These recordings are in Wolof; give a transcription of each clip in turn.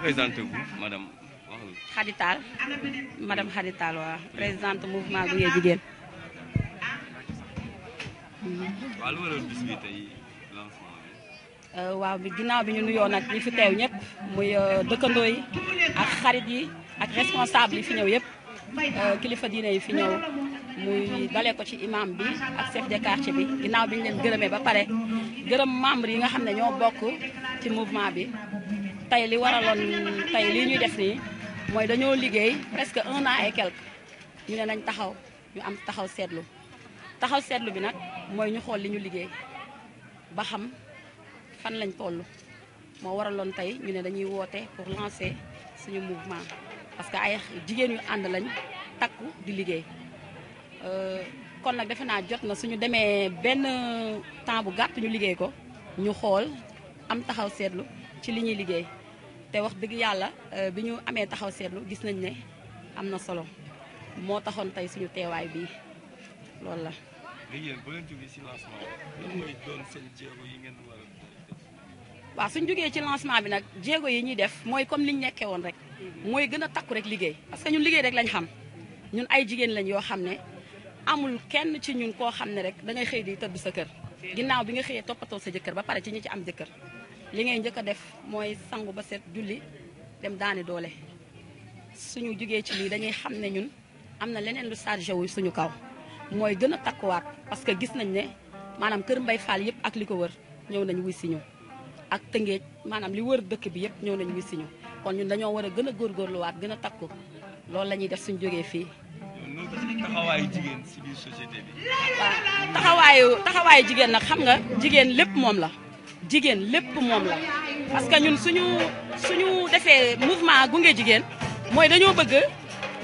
présenté wu madame waxal. Khady Tall madame waaw présidente bi tey lancement bi. Euh, waaw ginnaaw bi ñu nuyoo nag ñi fi teew ñëpp muy euh, dëkkandoo yi ak xarit yi ak responsable yi fi ñëw yëpp euh, kilifa diine yi fi ñëw. muy dalee ko ci imam bi ak chef de quartier bi ginnaaw bi ñu leen gërëmee ba pare gërëm membre yi nga xam ne ñoo bokk ci mouvement bi tey li waraloon tey li ñuy def nii mooy dañoo liggéey presque un an et quelque ñu ne nañ taxaw ñu am taxaw seetlu taxaw seetlu bi nag mooy ñu xool li ñu liggéey ba xam fan lañ toll moo waraloon tey ñu ne dañuy woote pour lancer suñu mouvement parce que ay jigéen yu ànd lañ takku di liggéey euh, kon nag defe naa jot na suñu demee benn temps bu gàtt ñu liggéey ko ñu xool am taxaw seetlu ci li ñuy liggéey te wax dëgg yàlla euh, bi ñu amee taxaw seetlu gis nañ ne am na solo moo taxoon tey suñu teewaay bii loolu la. léegi yéen bu leen jógee ci lancement bi. nag jéego yi ñuy def mooy comme liñ nekkee woon rek mooy gën a takku rek liggéey parce que ñun liggéey rek lañ xam ñun ay jigéen lañ yoo xam ne amul kenn ci ñun koo xam ne rek da ngay xëy di tëdd sa kër ginnaaw bi nga xëyee toppatoo sa jëkkër ba pare ci ñi ci am jëkkër li ngay njëkk a def mooy sangu ba set julli dem daani doole suñu jógee ci lii dañuy xam ne ñun am na leneen lu chargé wu suñu kaw mooy gën a takkuwaat parce que gis nañ ne maanaam kër Mbay Fall yëpp ak li ko wër ñëw nañ wuy si ñu ak tëngeej maanaam li wër dëkk bi yëpp ñëw nañ wuy si ñu kon ñun dañoo war a gën a góor góorgóorluwaat gën a takku loolu lañuy def suñu jógee fii taxawaayu jigéen taxawaayu jigéen nag xam nga jigéen lépp moom la jigéen lépp moom la parce que ñun suñu suñu defee mouvement gunge jigéen mooy dañoo bëgg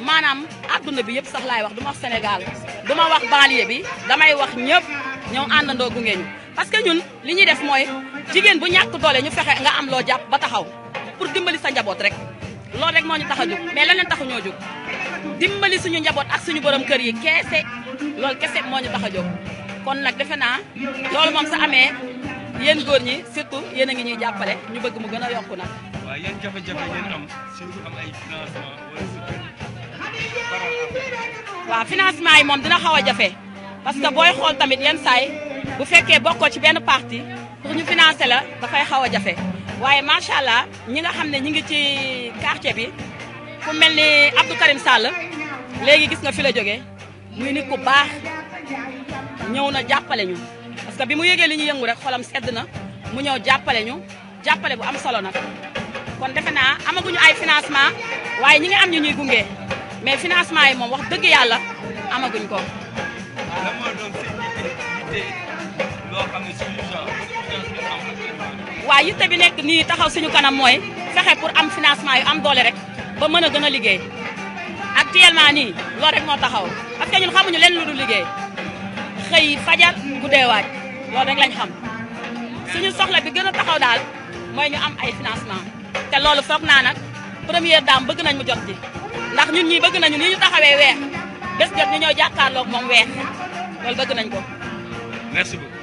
maanaam adduna bi yëpp sax laay wax duma wax Sénégal duma wax banlieue bi damay wax ñëpp ñoo àndandoo gunge ñu parce que ñun li ñuy def mooy jigéen bu ñàkk doole ñu fexe nga am loo jàpp ba taxaw pour dimbali sa njaboot rek loolu rek moo ñu tax a jóg mais leneen taxu ñoo jóg dimbali suñu njaboot ak suñu borom kër yi keese lool kese moo ñu tax a jóg kon nag defe loolu moom sa amee yéen góor ñi surtout yéen a ngi ñuy jàppale ñu bëgg mu gën a yokku na waaw yéen jafe-jafe ngeen am surtout am ay financement wala waaw financement yi moom dina xaw a jafe parce que booy xool tamit yenn saay bu fekkee bokkoo ci benn parti pour ñu financer la dafay xaw a jafe waaye macha allah ñi nga xam ne ñi ngi ci quartier bi ku mel ni Abdou Karim Sall léegi gis nga fi la jógee muy nit ku baax ñëw na jàppale parce que bi mu yëgee li ñu yëngu rek xolam sedd na mu ñëw jàppale ñu jàppale bu am solo nag kon defe naa amaguñu ay financement waaye ñi ngi am ñu ñuy gunge mais financement yi moom wax dëgg yàlla amaguñ ko. waaw lan moo doon seen yitte nekk nii taxaw suñu kanam mooy fexe pour am financement yu am doole rek ba mën a gën a liggéey actuellement nii loolu rek moo taxaw parce que ñun xamuñu leen lu dul liggéey. xëy fajar guddee waaj loolu rek lañ xam suñu soxla bi gën a taxaw daal mooy ñu am ay financement te loolu foog naa nag première dame bëgg nañ mu jot ci ndax ñu ñii bëgg nañu ni ñu taxawee weex bés jot ñu ñëw jàkkaarloog moom weex loolu bëgg nañ ko merci